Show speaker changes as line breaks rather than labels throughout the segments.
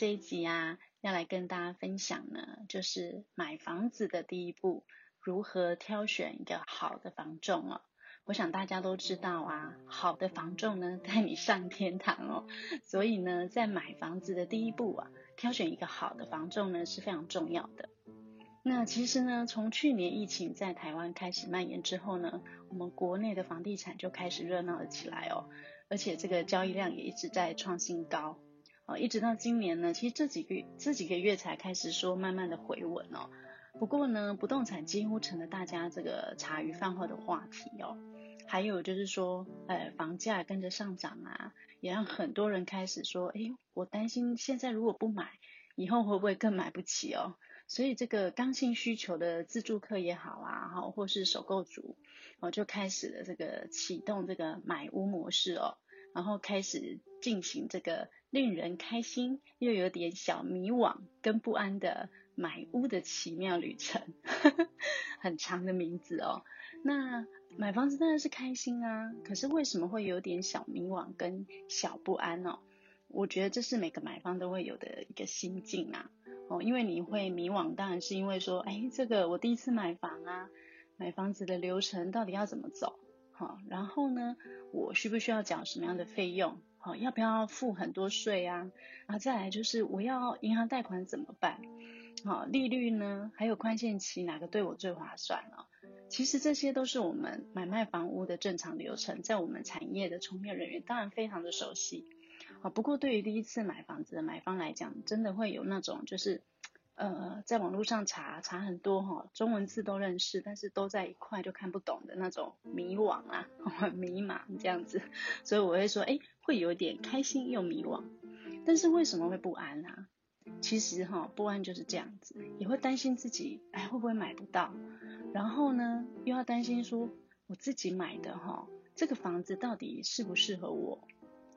這一集啊，要來跟大家分享呢，就是買房子的第一步，如何挑選一個好的房仲了哦。我想大家都知道啊，好的房仲呢，帶你上天堂哦。所以呢，在買房子的第一步啊，挑選一個好的房仲呢，是非常重要的。那其實呢，從去年疫情在台灣開始蔓延之後呢，我們國內的房地產就開始熱鬧了起來哦，而且這個交易量也一直在創新高。一直到今年呢，其實這幾個月這幾個月才開始說慢慢的回穩哦。不過呢，不動產幾乎成了大家這個茶餘飯後的話題哦。還有就是說，呃、哎，房價跟着上漲啊，也讓很多人開始說，哎，我擔心現在如果不買，以後會不會更買不起哦？所以這個剛性需求的自住客也好啊，哈，或是首購族，哦，就開始的這個啟動這個買屋模式哦。然後開始進行這個令人開心又有點小迷惘跟不安的買屋的奇妙旅程，呵呵，很長的名字哦。那買房子當然是開心啊，可是為什麼會有點小迷惘跟小不安呢，哦？我覺得這是每個買方都會有的一個心境啊。哦，因為你會迷惘，當然是因為說，哎，這個我第一次買房啊，買房子的流程到底要怎麼走？然後呢，我需不需要繳什麼樣的費用？好，要不要付很多稅啊？啊，再來就是我要銀行貸款怎麼辦？好，利率呢？還有寬限期哪個對我最划算？其實這些都是我們買賣房屋的正常流程，在我們產業的從業人員當然非常的熟悉。不過對於第一次買房子的買方來講，真的會有那種就是。呃，在網絡上查查，很多哈、喔，中文字都認識，但是都在一塊就看不懂的那種迷惘啊，迷茫這樣子，所以我會說，哎、欸，會有點開心又迷惘，但是為什麼會不安啊？其實哈、喔，不安就是這樣子，也會擔心自己，哎、欸，會不會買不到？然後呢，又要擔心說我自己買的哈、喔，這個房子到底適不適合我？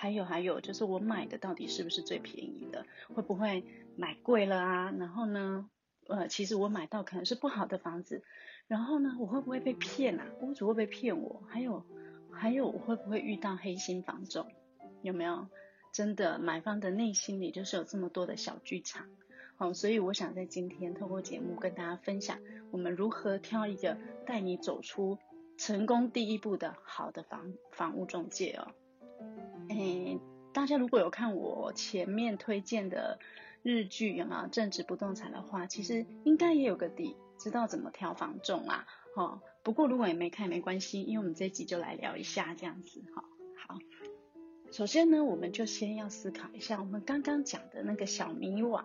還有還有，就是我買的到底是不是最便宜的？會不會買貴了啊？然後呢，呃，其實我買到可能是不好的房子，然後呢，我會不會被騙啊？屋主會不會騙我？還有還有，我會不會遇到黑心房仲？有沒有？真的買方的內心裡就是有這麼多的小劇場哦。所以我想在今天透過節目跟大家分享，我們如何挑一個帶你走出成功第一步的好的房房屋仲介哦。嘿、欸，大家如果有看我前面推薦的日劇，啊，有沒有《正直不動產》的話，其實應該也有個底，知道怎麼挑房仲啦、啊。哈，不過如果也沒看也沒關係，因為我們這一集就來聊一下這樣子。哈，好，首先呢，我們就先要思考一下，我們剛剛講的那個小迷惘，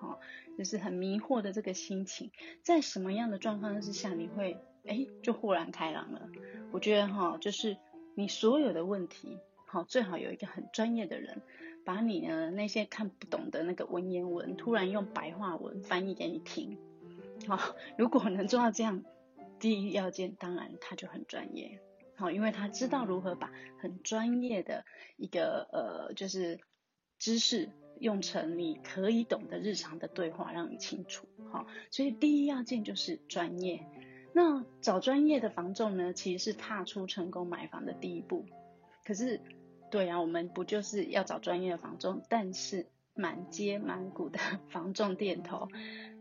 哈，就是很迷惑的這個心情，在什麼樣的狀況之下你會哎、欸、就豁然開朗了？我覺得哈，就是你所有的問題。好，最好有一個很專業的人，把你呢那些看不懂的那個文言文，突然用白話文翻譯給你聽。好，如果能做到這樣，第一要件當然他就很專業。好，因為他知道如何把很專業的一個呃，就是知識用成你可以懂的日常的對話，讓你清楚。好，所以第一要件就是專業。那找專業的房仲呢，其實是踏出成功買房的第一步。可是。對啊，我們不就是要找專業的房仲？但是滿街滿谷的房仲店頭，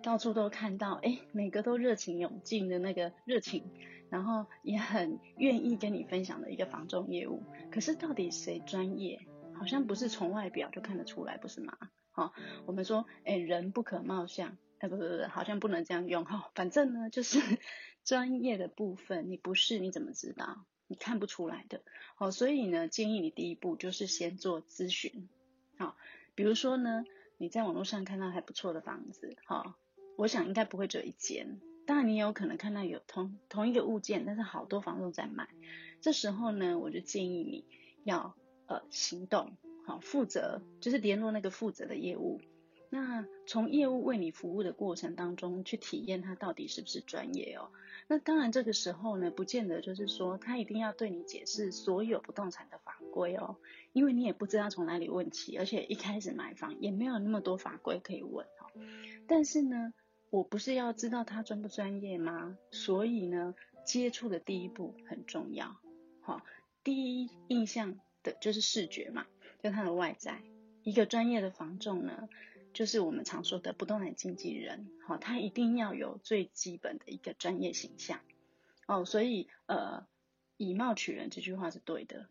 到處都看到，誒，每個都熱情有勁的那個熱情，然後也很願意跟你分享的一個房仲業務。可是到底誰專業？好像不是從外表就看得出來，不是嗎？哦，我們說，誒，人不可貌相，誒不對不不，好像不能這樣用。哈、哦，反正呢，就是專業的部分，你不是你怎麼知道？你看不出來的，哦，所以呢，建議你第一步就是先做諮詢，好，比如說呢，你在網絡上看到還不錯的房子，哈，我想應該不會只有一間，當然你也有可能看到有同同一個物件，但是好多房東都在賣，這時候呢，我就建議你要呃行動，好，負責就是聯絡那個負責的業務。那從業務為你服務的過程當中，去體驗他到底是不是專業哦。那當然，這個時候呢，不見得就是說他一定要對你解釋所有不動產的法規哦，因為你也不知道從哪裡問起，而且一開始買房也沒有那麼多法規可以問哦。但是呢，我不是要知道他專不專業嗎？所以呢，接觸的第一步很重要，哦，第一印象的就是視覺嘛，就他的外在，一個專業的房仲呢。就是我們常說的不動產經紀人，好，哦，他一定要有最基本的一個專業形象哦，所以呃，以貌取人這句話是對的，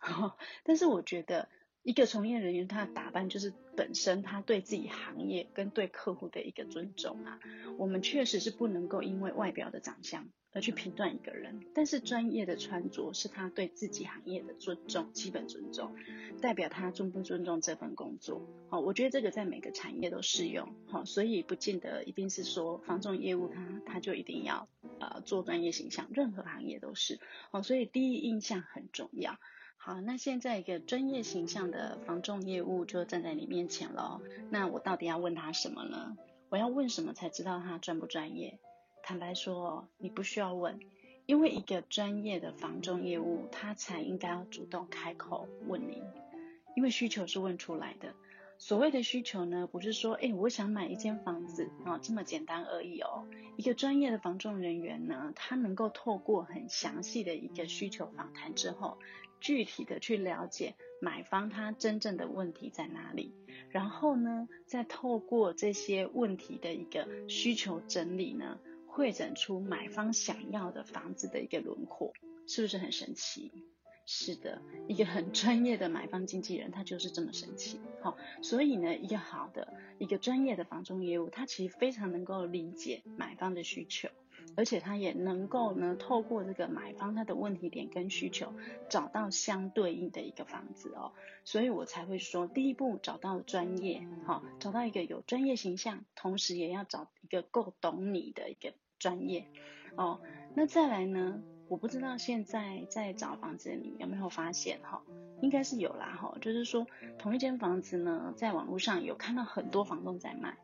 哦，但是我覺得。一個從業人員，他的打扮就是本身他對自己行業跟對客戶的一個尊重啊。我們確實是不能夠因為外表的長相而去評斷一個人，但是專業的穿着是他對自己行業的尊重，基本尊重，代表他尊不尊重這份工作。好、哦，我覺得這個在每個產業都適用。好、哦，所以不見得一定是說房仲業務他他就一定要、呃、做專業形象，任何行業都是。好、哦，所以第一印象很重要。好，那現在一個專業形象的房仲業務就站在你面前了。那我到底要問他什麼呢？我要問什麼才知道他專不專業？坦白說，你不需要問，因為一個專業的房仲業務，他才應該要主動開口問你，因為需求是問出來的。所謂的需求呢，不是說，哎、欸，我想買一間房子啊，哦，這麼簡單而已哦。一個專業的房仲人員呢，他能夠透過很詳細的一個需求訪談之後，具體的去了解買方他真正的問題在哪裡，然後呢，再透過這些問題的一個需求整理呢，彙整出買方想要的房子的一個輪廓，是不是很神奇？是的，一個很專業的買方經紀人，他就是這麼神奇。好、哦，所以呢，一個好的一個專業的房仲業務，他其實非常能夠理解買方的需求，而且他也能夠呢，透過這個買方他的問題點跟需求，找到相對應的一個房子哦。所以我才會說，第一步找到專業，好、哦，找到一個有專業形象，同時也要找一個夠懂你的一個專業，哦，那再來呢？我不知道現在在找房子，你有沒有發現哈？應該是有啦哈。就是說，同一間房子呢，在網絡上有看到很多房東在賣，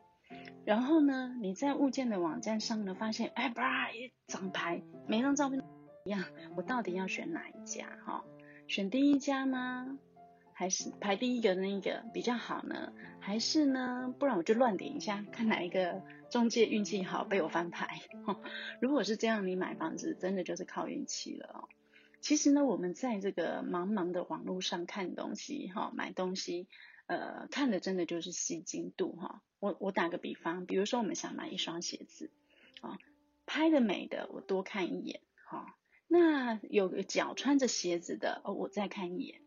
然後呢，你在物件的網站上呢，發現哎，啪一整排，每張照片一樣，我到底要選哪一家哈？選第一家嗎？還是排第一個那一個比較好呢？還是呢，不然我就亂點一下，看哪一個？中介運氣好，被我翻牌。哦、如果是這樣，你買房子真的就是靠運氣了哦。其實呢，我們在這個茫茫的網絡上看東西，哈、哦，買東西，呃，看的真的就是吸睛度哈、哦。我我打個比方，比如說我們想買一雙鞋子，啊、哦，拍的美的我多看一眼，哈、哦，那有個腳穿着鞋子的哦，我再看一眼。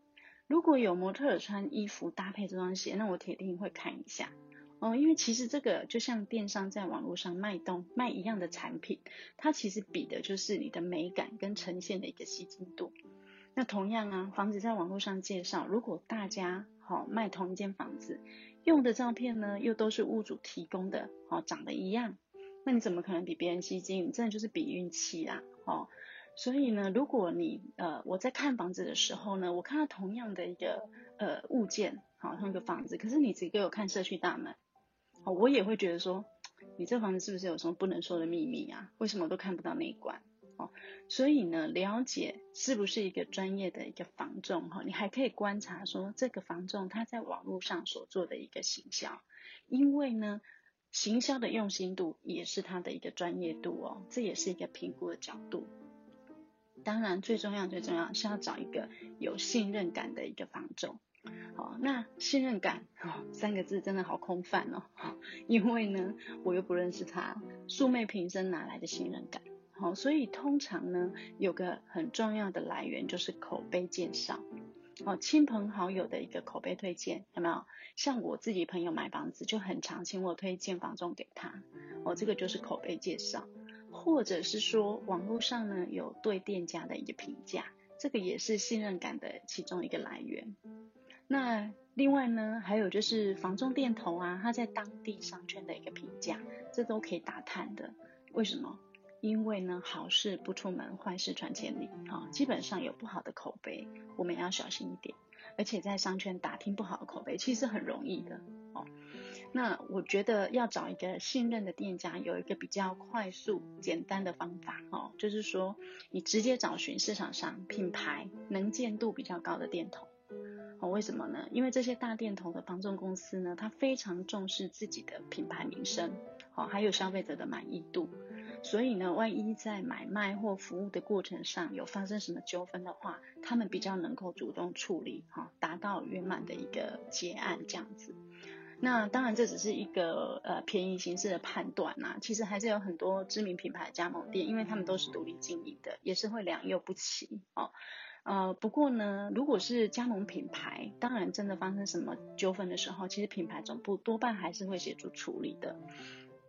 如果有模特穿衣服搭配這雙鞋，那我鐵定會看一下。哦，因為其實這個就像電商在網絡上賣東賣一樣的產品，它其實比的就是你的美感跟呈現的一個吸睛度。那同樣啊，房子在網絡上介紹，如果大家好、哦、賣同一間房子，用的照片呢又都是屋主提供的，好、哦、長得一樣，那你怎麼可能比別人吸睛？你真的就是比運氣啦，哦。所以呢，如果你呃我在看房子的時候呢，我看到同樣的一個呃物件，好、哦、同一個房子，可是你只給我看社區大門。我也會覺得說，你這房子是不是有什麼不能說的秘密啊？為什麼都看不到那一關？哦，所以呢，了解是不是一個專業的一個房仲哈、哦，你還可以觀察說這個房仲他在網絡上所做的一個行銷，因為呢，行銷的用心度也是他的一個專業度哦，這也是一個評估的角度。當然，最重要最重要是要找一個有信任感的一個房仲。好，那信任感三個字真的好空泛哦。因為呢，我又不認識他，素昧平生，哪來的信任感？好，哦，所以通常呢，有個很重要的來源就是口碑介紹。哦，親朋好友的一個口碑推薦，有沒有？像我自己朋友買房子，就很常請我推薦房仲給他。哦，這個就是口碑介紹，或者是說網絡上呢，有對店家的一個評價，這個也是信任感的其中一個來源。那另外呢，還有就是房仲店頭啊，它在當地商圈的一個評價，這都可以打探的。為什麼？因為呢，好事不出門，壞事傳千里啊。基本上有不好的口碑，我們要小心一點。而且在商圈打聽不好的口碑，其實很容易的哦。那我覺得要找一個信任的店家，有一個比較快速簡單的方法哦，就是說你直接找尋市場上品牌能見度比較高的店頭。為什麼呢？因為這些大店頭的房仲公司呢，他非常重視自己的品牌名聲、好還有消費者的滿意度，所以呢，萬一在買賣或服務的過程上有發生什麼糾紛的話，他們比較能夠主動處理，哈，達到圓滿的一個結案這樣子。那當然，這只是一個呃便宜形式的判斷吶、啊，其實還是有很多知名品牌的加盟店，因為他們都是獨立經營的，也是會良莠不齊哦。呃，不過呢，如果是加盟品牌，當然真的發生什麼糾紛的時候，其實品牌總部多半還是會協助處理的。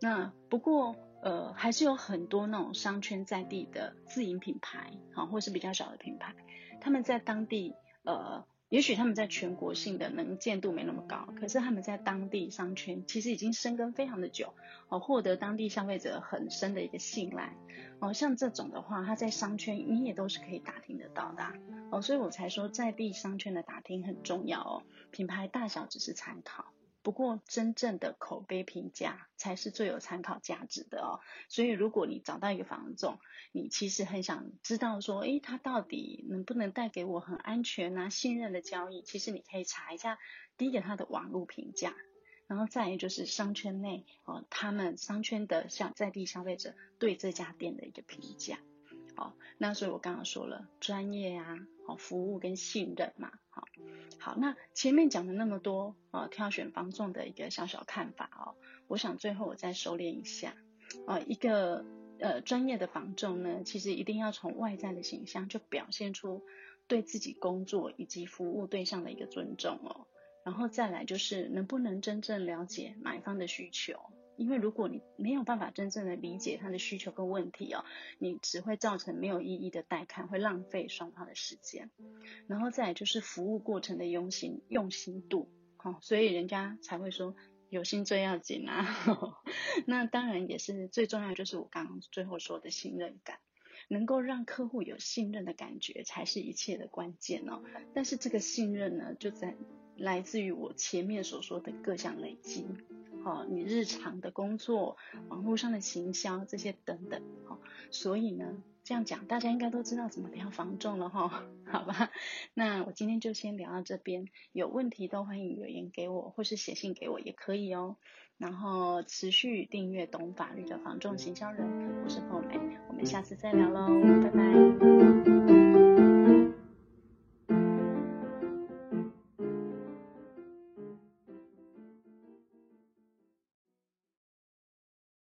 那不過，呃，還是有很多那種商圈在地的自營品牌，啊，或是比較小的品牌，他們在當地，呃。也許他們在全國性的能見度沒那麼高，可是他們在當地商圈其實已經深耕非常的久，哦，獲得當地消費者很深的一個信賴，哦，像這種的話，他在商圈你也都是可以打聽得到的啊，哦，所以我才說在地商圈的打聽很重要哦，品牌大小只是參考。不過，真正的口碑評價才是最有參考價值的哦。所以，如果你找到一個房仲，你其實很想知道說，誒，他到底能不能帶給我很安全啊、信任的交易？其實你可以查一下第一個他的網絡評價，然後再也就是商圈內哦，他們商圈的像在地消費者對這家店的一個評價。哦，那所以我剛剛說了專業啊，好、哦、服務跟信任嘛，好、哦，好，那前面講了那麼多啊、哦，挑選房仲的一個小小看法哦，我想最後我再收斂一下啊、呃，一個呃專業的房仲呢，其實一定要從外在的形象就表現出對自己工作以及服務對象的一個尊重哦，然後再來就是能不能真正了解買方的需求。因為如果你沒有辦法真正的理解他的需求跟問題哦，你只會造成沒有意義的帶看，會浪費雙方的時間。然後再來就是服務過程的用心、用心度，好、哦，所以人家才會說有心最要緊啊呵呵。那當然也是最重要，就是我剛剛最後說的信任感，能夠讓客戶有信任的感覺，才是一切的關鍵哦。但是這個信任呢，就在來自於我前面所說的各項累積。哦，你日常的工作、網絡上的行銷這些等等，好，所以呢，這樣講大家應該都知道怎麼挑房仲了哈，好吧？那我今天就先聊到這邊，有問題都歡迎留言給我，或是寫信給我也可以哦。然後持續訂閱懂法律的房仲行銷人，我是鳳美，我們下次再聊嘍，拜拜。